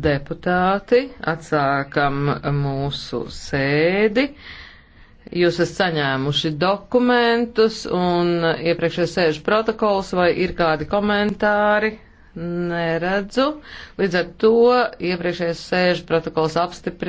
deputāti, atsākam mūsu sēdi. Jūs esat saņēmuši dokumentus un iepriekšējā sēžu protokols vai ir kādi komentāri? Neredzu. Līdz ar to iepriekšējais sēžu protokols apstiprina.